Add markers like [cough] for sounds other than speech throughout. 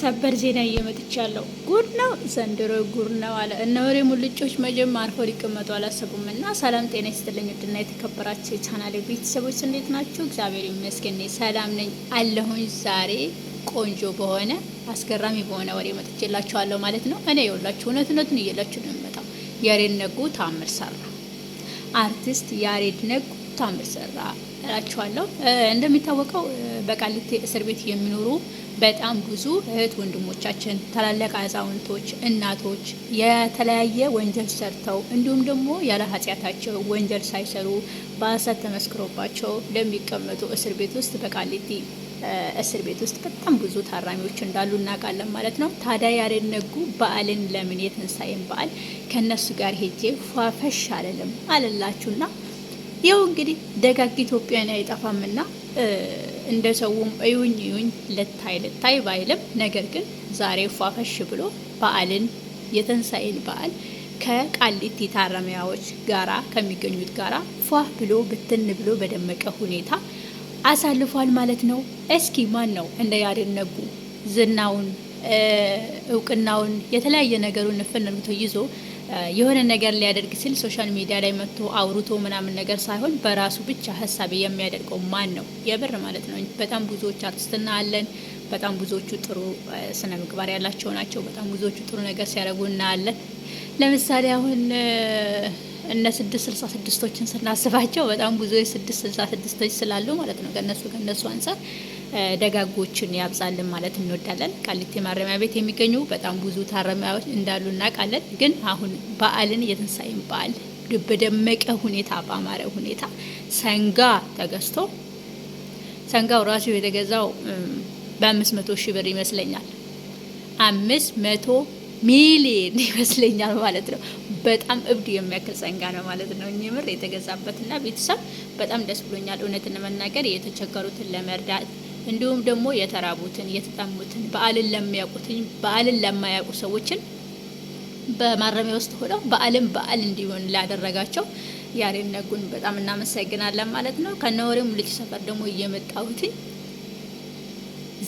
ሰበር ዜና እየመጥቻ ያለው ጉድ ነው ዘንድሮ ጉድ ነው አለ። እነ ወሬ ሙልጮች መጀም አርፎ ሊቀመጡ አላሰቡም። እና ሰላም ጤና ይስጥልኝ ውድና የተከበራቸው የቻናሌ ቤተሰቦች እንዴት ናቸው? እግዚአብሔር ይመስገን ሰላም ነኝ አለሁኝ። ዛሬ ቆንጆ በሆነ አስገራሚ በሆነ ወሬ መጥቼላችኋለሁ ማለት ነው። እኔ የወላችሁ እውነት እውነትን እየላችሁ ነው የሚመጣው። ያሬድ ነጉ ታምር ሰራ። አርቲስት ያሬድ ነጉ ታምር ሰራ እላችኋለሁ። እንደሚታወቀው በቃሊቲ እስር ቤት የሚኖሩ በጣም ብዙ እህት ወንድሞቻችን፣ ታላላቅ አዛውንቶች፣ እናቶች የተለያየ ወንጀል ሰርተው እንዲሁም ደግሞ ያለ ኃጢአታቸው ወንጀል ሳይሰሩ በሐሰት ተመስክሮባቸው ለሚቀመጡ እስር ቤት ውስጥ በቃሊቲ እስር ቤት ውስጥ በጣም ብዙ ታራሚዎች እንዳሉ እናውቃለን ማለት ነው። ታዲያ ያደነጉ ነጉ በዓልን ለምን የትንሳኤን በዓል ከእነሱ ጋር ሄጄ ፏፈሽ አለልም አለላችሁና ይኸው እንግዲህ ደጋግ ኢትዮጵያን አይጠፋምና እንደ ሰውም እዩኝ እዩኝ ለታይ ለታይ ባይልም፣ ነገር ግን ዛሬ ፏፈሽ ብሎ በዓልን የትንሣኤን በዓል ከቃሊቲ ታረሚያዎች ጋራ ከሚገኙት ጋራ ፏ ብሎ ብትን ብሎ በደመቀ ሁኔታ አሳልፏል ማለት ነው። እስኪ ማን ነው እንደ ያደነጉ ዝናውን እውቅናውን የተለያየ ነገሩን ንፍንርቶ ይዞ የሆነ ነገር ሊያደርግ ሲል ሶሻል ሚዲያ ላይ መጥቶ አውርቶ ምናምን ነገር ሳይሆን በራሱ ብቻ ሀሳብ የሚያደርገው ማን ነው? የብር ማለት ነው። በጣም ብዙዎች አርቲስትና አለን። በጣም ብዙዎቹ ጥሩ ስነ ምግባር ያላቸው ናቸው። በጣም ብዙዎቹ ጥሩ ነገር ሲያደርጉ እናያለን። ለምሳሌ አሁን እነ ስድስት ስልሳ ስድስቶችን ስናስባቸው በጣም ብዙ የስድስት ስልሳ ስድስቶች ስላሉ ማለት ነው ከነሱ ከነሱ አንጻር ደጋጎችን ያብዛልን ማለት እንወዳለን። ቃሊቲ ማረሚያ ቤት የሚገኙ በጣም ብዙ ታረሚያዎች እንዳሉ እናውቃለን። ግን አሁን በዓልን የትንሳኤን በዓል በደመቀ ሁኔታ በአማረ ሁኔታ ሰንጋ ተገዝቶ ሰንጋው ራሱ የተገዛው በአምስት መቶ ሺህ ብር ይመስለኛል አምስት መቶ ሚሊየን ይመስለኛል ማለት ነው። በጣም እብድ የሚያክል ጸጋ ነው ማለት ነው። እኚህ ምር የተገዛበትና ቤተሰብ በጣም ደስ ብሎኛል። እውነትን ለመናገር የተቸገሩትን ለመርዳት እንዲሁም ደግሞ የተራቡትን፣ የተጠሙትን በዓልን ለሚያውቁትኝ በዓልን ለማያውቁ ሰዎችን በማረሚያ ውስጥ ሆነው በዓልን በዓል እንዲሆን ላደረጋቸው ያሬድ ነጉን በጣም እናመሰግናለን ማለት ነው። ከነወሬም ልጅ ሰፈር ደግሞ እየመጣሁትኝ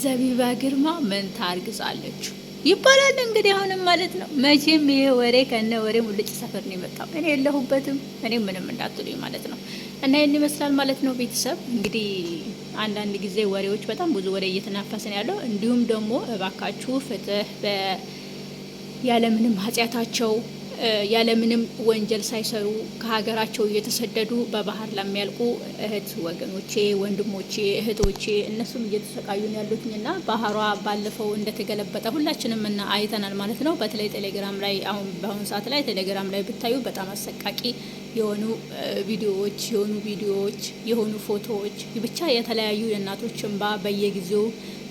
ዘቢባ ግርማ መንታ አርግዛለችው። ይባላል እንግዲህ አሁንም ማለት ነው። መቼም ይሄ ወሬ ከነ ወሬ ሙልጭ ሰፈር ነው የመጣው። እኔ የለሁበትም፣ እኔ ምንም እንዳትሉኝ ማለት ነው። እና ይህን ይመስላል ማለት ነው። ቤተሰብ እንግዲህ አንዳንድ ጊዜ ወሬዎች፣ በጣም ብዙ ወሬ እየተናፈስን ያለው እንዲሁም ደግሞ እባካችሁ ፍትህ ያለምንም ኃጢአታቸው ያለምንም ወንጀል ሳይሰሩ ከሀገራቸው እየተሰደዱ በባህር ለሚያልቁ እህት ወገኖቼ፣ ወንድሞቼ፣ እህቶቼ እነሱም እየተሰቃዩ ነው ያሉትኝ እና ባህሯ ባለፈው እንደተገለበጠ ሁላችንም እና አይተናል ማለት ነው። በተለይ ቴሌግራም ላይ አሁን በአሁኑ ሰዓት ላይ ቴሌግራም ላይ ብታዩ በጣም አሰቃቂ የሆኑ ቪዲዮዎች የሆኑ ቪዲዮዎች የሆኑ ፎቶዎች ብቻ የተለያዩ የእናቶች እንባ በየጊዜው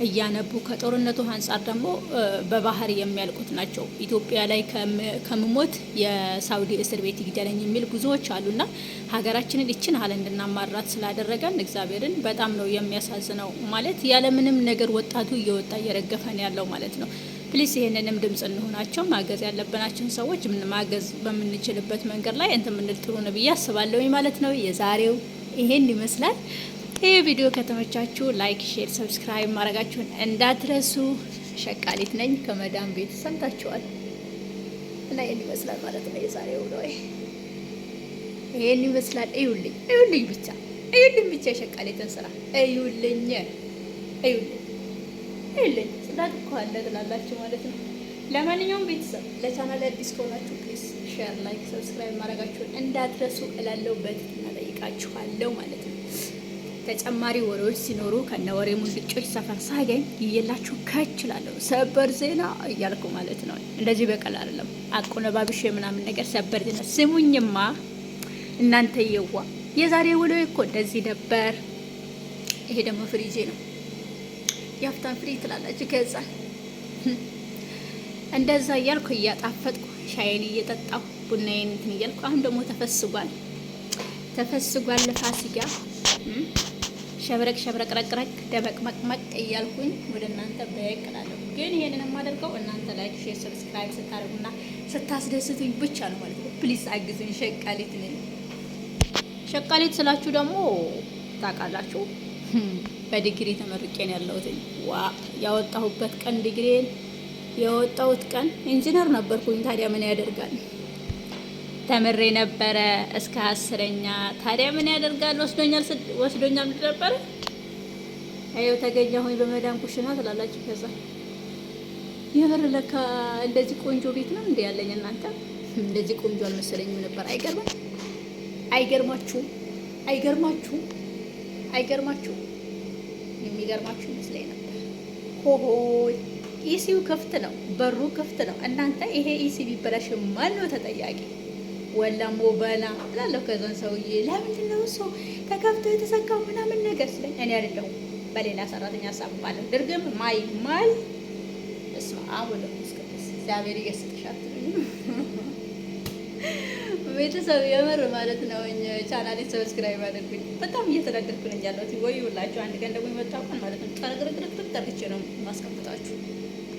እያነቡ ከጦርነቱ አንጻር ደግሞ በባህር የሚያልቁት ናቸው። ኢትዮጵያ ላይ ከምሞት የሳውዲ እስር ቤት ይግደለኝ የሚል ብዙዎች አሉና ሀገራችንን ይችን ሀል እንድናማራት ስላደረገን እግዚአብሔርን በጣም ነው የሚያሳዝነው። ማለት ያለምንም ነገር ወጣቱ እየወጣ እየረገፈን ያለው ማለት ነው። ፕሊስ ይህንንም ድምጽ እንሆናቸው ማገዝ ያለብናቸውን ሰዎች ምን ማገዝ በምንችልበት መንገድ ላይ እንትን ምንል ጥሩ ነው ብዬ አስባለሁ ማለት ነው። የዛሬው ይሄን ይመስላል። ይህ ቪዲዮ ከተመቻችሁ ላይክ፣ ሼር፣ ሰብስክራይብ ማድረጋችሁን እንዳትረሱ። ሸቃሊት ነኝ ከመዳም ቤት ሰምታችኋል እና ይህን ይመስላል ማለት ነው የዛሬው ነው። ይሄን ይመስላል። እዩልኝ፣ እዩልኝ ብቻ እዩልኝ ብቻ የሸቃሊትን ስራ እዩልኝ፣ እዩልኝ የለኝም። ጽዳት እኮ አለ ትላላችሁ ማለት ነው። ለማንኛውም ቤተሰብ ለቻናል አዲስ ከሆናችሁ ፕሊስ ሼር፣ ላይክ፣ ሰብስክራይብ ማድረጋችሁን እንዳትረሱ እላለሁ። በትህትና እጠይቃችኋለሁ ማለት ነው። ተጨማሪ ወሬዎች ሲኖሩ ከነ ወሬ ሙልጮች ሰፈር ሳገኝ ይዤላችሁ ከችላለሁ። ሰበር ዜና እያልኩ ማለት ነው። እንደዚህ በቀል አይደለም አቆነባብሽ ምናምን ነገር ሰበር ዜና ስሙኝማ፣ እናንተ የዋ የዛሬ ውሎ እኮ እንደዚህ ነበር። ይሄ ደግሞ ፍሪጄ ነው። የሀብታም ፍሪ ትላላችሁ። ከዛ እንደዛ እያልኩ እያጣፈጥኩ ሻይን እየጠጣሁ ቡናዬን እንትን እያልኩ አሁን ደግሞ ተፈስጓል ተፈስጓል ለፋሲካ ሸብረቅ ሸብረቅ ረቅረቅ ደመቅ መቅመቅ እያልኩኝ ወደ እናንተ በይቅላለሁ። ግን ይሄንን የማደርገው እናንተ ላይክ፣ ሼር፣ ሰብስክራይብ ስታደርጉና ስታስደስቱኝ ብቻ ነው ማለት ነው። ፕሊዝ አግዙኝ። ሸቃሊት ነኝ። ሸቃሊት ስላችሁ ደግሞ ታውቃላችሁ [laughs] በዲግሪ ተመርቄን ያለሁት ዋ ያወጣሁበት ቀን ዲግሪን የወጣሁት ቀን ኢንጂነር ነበርኩኝ። ታዲያ ምን ያደርጋል ተምሬ ነበረ እስከ አስረኛ ታዲያ ምን ያደርጋል ወስዶኛል ወስዶኛል ነበረ ይኸው ተገኘሁኝ በመዳን ኩሽና ትላላችሁ። ከዛ የብር ለካ እንደዚህ ቆንጆ ቤት ነው እንደ ያለኝ እናንተ እንደዚህ ቆንጆ አልመሰለኝም ነበር። አይገርም አይገርማችሁም? አይገርማችሁም? አይገርማችሁ? የሚገርማችሁ ይመስለኝ ነበር። ሆሆ ኢሲው ክፍት ነው፣ በሩ ክፍት ነው። እናንተ ይሄ ኢሲ ቢበላሽ ማን ነው ተጠያቂ? ወላ በላ እላለሁ። ከዛን ሰውዬ ለምንድን ነው እሱ ተከፍቶ የተዘጋው ምናምን ነገር ስለኝ እኔ አይደለሁም በሌላ ሰራተኛ ሳባለሁ። ድርግም ማይ ማል እሱ አሁን ለምስከስ እግዚአብሔር ይገስጥሻት ቤተሰብ የምር ማለት ነው ቻናሌ ሰብስክራይብ አድርጉኝ። በጣም እየተናገርኩ ነኝ ያለሁት ወይ ሁላችሁ አንድ ቀን ደግሞ የመጣሁን ማለት ነው ጠርቅርቅርቅ ጠርግቼ ነው የማስቀምጣችሁ።